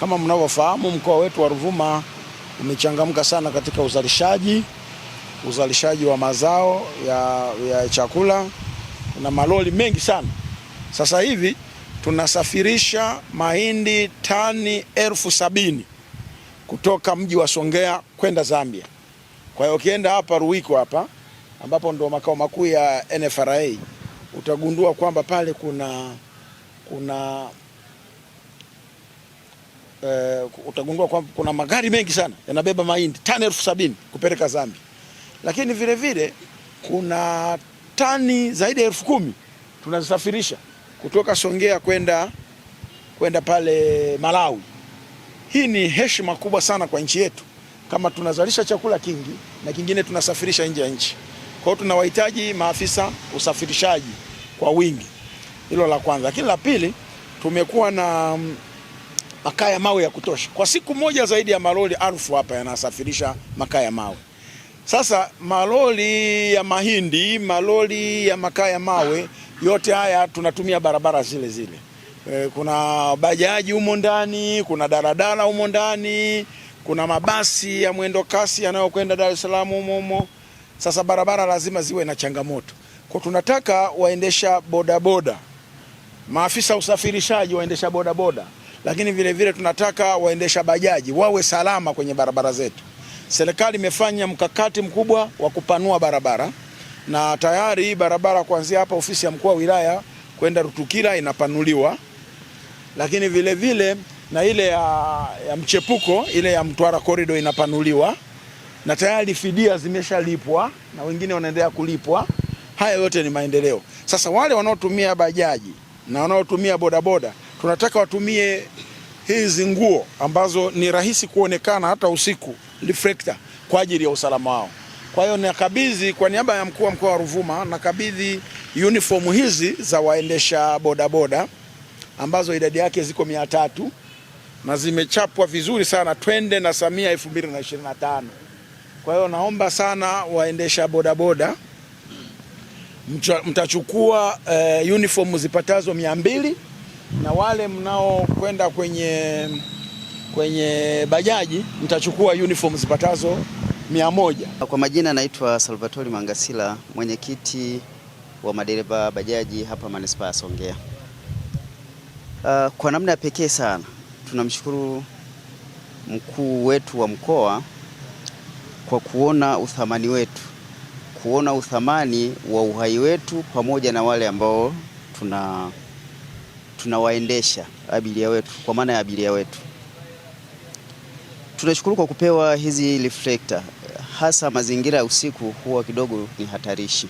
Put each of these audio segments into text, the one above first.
Kama mnavyofahamu, mkoa wetu wa Ruvuma umechangamka sana katika uzalishaji uzalishaji wa mazao ya, ya chakula na maloli mengi sana. Sasa hivi tunasafirisha mahindi tani elfu sabini kutoka mji wa Songea kwenda Zambia. Kwa hiyo ukienda hapa Ruiko hapa ambapo ndo makao makuu ya NFRA utagundua kwamba pale kuna kuna eh, utagundua kwamba kuna magari mengi sana yanabeba mahindi tani elfu sabini kupeleka Zambia, lakini vile vile kuna tani zaidi ya elfu kumi tunazisafirisha kutoka Songea kwenda kwenda pale Malawi. Hii ni heshima kubwa sana kwa nchi yetu, kama tunazalisha chakula kingi na kingine tunasafirisha nje ya nchi. Kwa hiyo tunawahitaji maafisa usafirishaji kwa wingi, hilo la kwanza. Lakini la pili tumekuwa na mm, makaa ya mawe ya kutosha. Kwa siku moja zaidi ya maloli alfu hapa yanasafirisha makaa ya mawe. Sasa maloli ya mahindi, maloli ya makaa ya mawe, yote haya tunatumia barabara zile zile. E, kuna bajaji humo ndani, kuna daladala humo ndani, kuna mabasi ya mwendo kasi yanayokwenda Dar es Salaam humo humo. Sasa barabara lazima ziwe na changamoto. Kwa tunataka waendesha bodaboda, maafisa usafirishaji waendesha bodaboda boda lakini vile vile tunataka waendesha bajaji wawe salama kwenye barabara zetu. Serikali imefanya mkakati mkubwa wa kupanua barabara na tayari barabara kuanzia hapa ofisi ya mkuu wa wilaya kwenda Rutukira inapanuliwa, lakini vile vile na ile ya, ya mchepuko ile ya Mtwara korido inapanuliwa na tayari fidia zimeshalipwa na wengine wanaendelea kulipwa. Haya yote ni maendeleo. Sasa wale wanaotumia bajaji na wanaotumia bodaboda tunataka watumie hizi nguo ambazo ni rahisi kuonekana hata usiku, reflector kwa ajili ya usalama wao. Kwa hiyo nakabidhi kwa niaba ya mkuu wa mkoa wa Ruvuma, nakabidhi uniform hizi za waendesha bodaboda ambazo idadi yake ziko mia tatu na zimechapwa vizuri sana, twende na Samia 2025. Kwa hiyo naomba sana waendesha bodaboda mtachukua uh, uniform zipatazo mia mbili na wale mnaokwenda kwenye, kwenye bajaji mtachukua uniform zipatazo mia moja. Kwa majina naitwa Salvatori Mangasila, mwenyekiti wa madereva bajaji hapa manispaa ya Songea. Uh, kwa namna ya pekee sana tunamshukuru mkuu wetu wa mkoa kwa kuona uthamani wetu, kuona uthamani wa uhai wetu pamoja na wale ambao tuna tunawaendesha abiria wetu, kwa maana ya abiria wetu. Tunashukuru kwa kupewa hizi reflector, hasa mazingira ya usiku huwa kidogo ni hatarishi,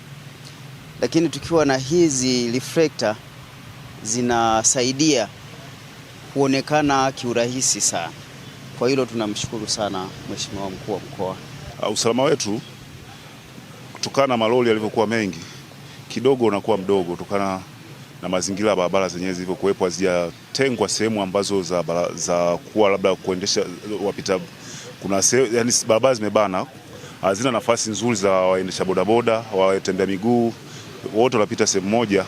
lakini tukiwa na hizi reflector zinasaidia kuonekana kiurahisi sana. Kwa hilo tunamshukuru sana Mheshimiwa Mkuu wa Mkoa. Ah, usalama wetu kutokana na malori yalivyokuwa mengi kidogo unakuwa mdogo kutokana na mazingira ya barabara zenyewe zilivyokuwepo hazijatengwa sehemu ambazo za, za kuwa labda kuendesha wapita kuna se, yani barabara zimebana, hazina nafasi nzuri za waendesha bodaboda, watembea miguu, wote wanapita sehemu moja,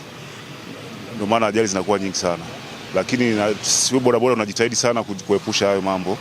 ndio maana ajali zinakuwa nyingi sana, lakini si bodaboda unajitahidi sana kuepusha hayo mambo.